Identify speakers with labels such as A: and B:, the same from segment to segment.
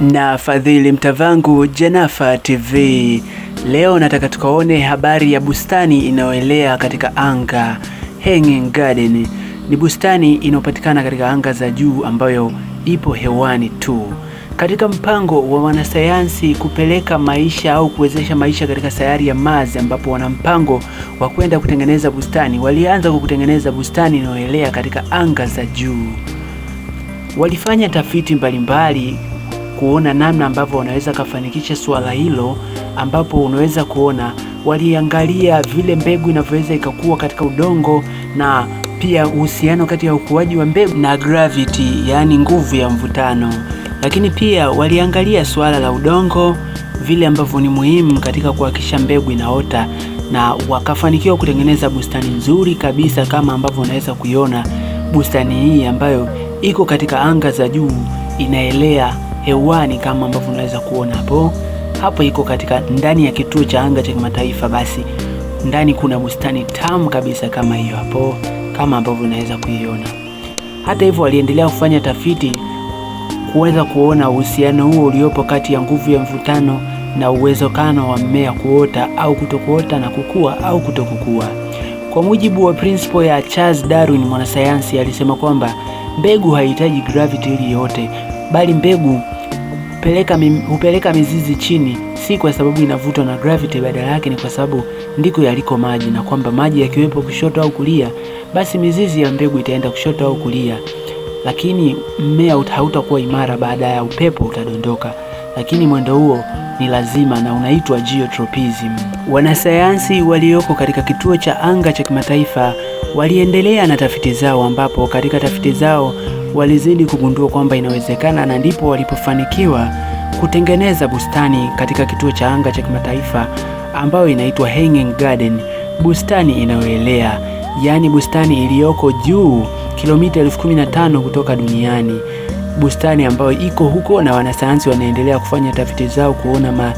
A: na fadhili mtavangu Janafa TV. Leo nataka tukaone habari ya bustani inayoelea katika anga. Hanging Garden ni bustani inayopatikana katika anga za juu ambayo ipo hewani tu. Katika mpango wa wanasayansi kupeleka maisha au kuwezesha maisha katika sayari ya Mars, ambapo wana mpango wa kwenda kutengeneza bustani, walianza kwa kutengeneza bustani inayoelea katika anga za juu. Walifanya tafiti mbalimbali kuona namna ambavyo wanaweza kafanikisha swala hilo, ambapo unaweza kuona waliangalia vile mbegu inavyoweza ikakua katika udongo na pia uhusiano kati ya ukuaji wa mbegu na gravity, yaani nguvu ya mvutano. Lakini pia waliangalia suala la udongo vile ambavyo ni muhimu katika kuhakikisha mbegu inaota na wakafanikiwa kutengeneza bustani nzuri kabisa, kama ambavyo unaweza kuiona bustani hii ambayo iko katika anga za juu inaelea hewani kama ambavyo unaweza kuona hapo hapo, iko katika ndani ya kituo cha anga cha kimataifa. Basi ndani kuna bustani tamu kabisa kama hiyo hapo, kama ambavyo unaweza kuiona. Hata hivyo, aliendelea kufanya tafiti kuweza kuona uhusiano huo uliopo kati ya nguvu ya mvutano na uwezekano wa mmea kuota au kutokuota na kukua au kutokukua. Kwa mujibu wa principle ya Charles Darwin, mwanasayansi alisema kwamba mbegu haihitaji gravity ili yote, bali mbegu hupeleka hupeleka mizizi chini, si kwa sababu inavutwa na gravity, badala yake ni kwa sababu ndiko yaliko maji, na kwamba maji yakiwepo kushoto au kulia, basi mizizi ya mbegu itaenda kushoto au kulia, lakini mmea hautakuwa imara, baada ya upepo utadondoka. Lakini mwendo huo ni lazima na unaitwa geotropism. Wanasayansi walioko katika kituo cha anga cha kimataifa waliendelea na tafiti zao, ambapo katika tafiti zao Walizidi kugundua kwamba inawezekana na ndipo walipofanikiwa kutengeneza bustani katika kituo cha anga cha kimataifa ambayo inaitwa Hanging Garden, bustani inayoelea, yaani bustani iliyoko juu kilomita elfu kumi na tano kutoka duniani, bustani ambayo iko huko na wanasayansi wanaendelea kufanya tafiti zao kuona ma,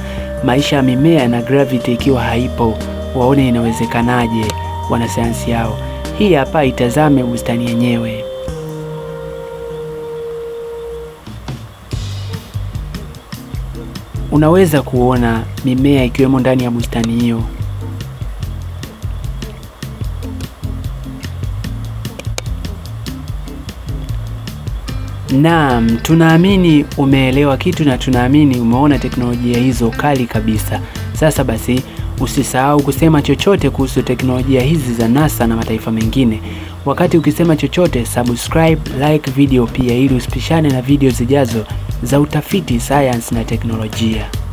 A: maisha ya mimea na gravity ikiwa haipo, waone inawezekanaje wanasayansi yao Hii hapa, itazame bustani yenyewe. Unaweza kuona mimea ikiwemo ndani ya bustani hiyo. Naam, tunaamini umeelewa kitu na tunaamini umeona teknolojia hizo kali kabisa. Sasa basi usisahau kusema chochote kuhusu teknolojia hizi za NASA na mataifa mengine. Wakati ukisema chochote, subscribe, like video pia ili usipishane na video zijazo za utafiti, sayansi na teknolojia.